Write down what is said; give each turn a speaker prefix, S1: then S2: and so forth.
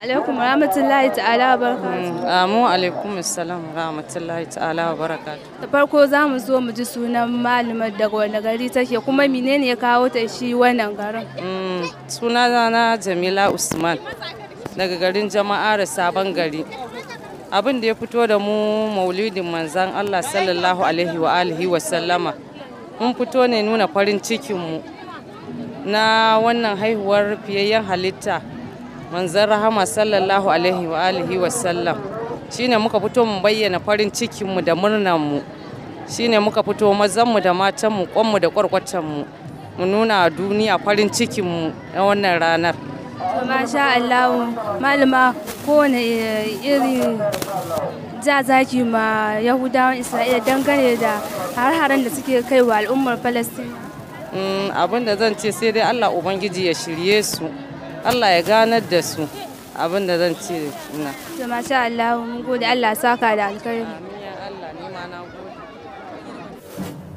S1: alaikum rahmatullahi ta'ala wa barakatuhu
S2: mm, amu alaikum assalam rahmatullahi ta'ala wa barakatuhu
S1: da farko za mu zo mu ji sunan malumar daga wani gari take kuma menene ya kawo ta shi wannan garin mm,
S2: suna na jamila usman daga garin jama'a da sabon gari abin da ya fito da mu maulidin manzan allah sallallahu alaihi wa alihi wa sallama mun fito ne nuna farin cikinmu na wannan haihuwar fiyayyen halitta manzan rahama sallallahu alaihi wa alihi wa sallam shine muka fito mu bayyana farin cikinmu da murnanmu Shi shine muka fito mazanmu da matanmu, kwanmu da kwarkwatan mu nuna nuna duniya farin cikinmu na wannan ranar
S1: masha Allah malama kowane eh, irin za zaki ma yahudawan isra'ila dangane da har-haren da suke kai wa al'ummar falastin
S2: mm, abin da zan ce sai dai allah ubangiji ya shirye su Allah ya ganar da su abin da zan ce ina.
S1: To masha Allah mun gode Allah saka da alkhairi. Amin ya
S2: Allah na gode.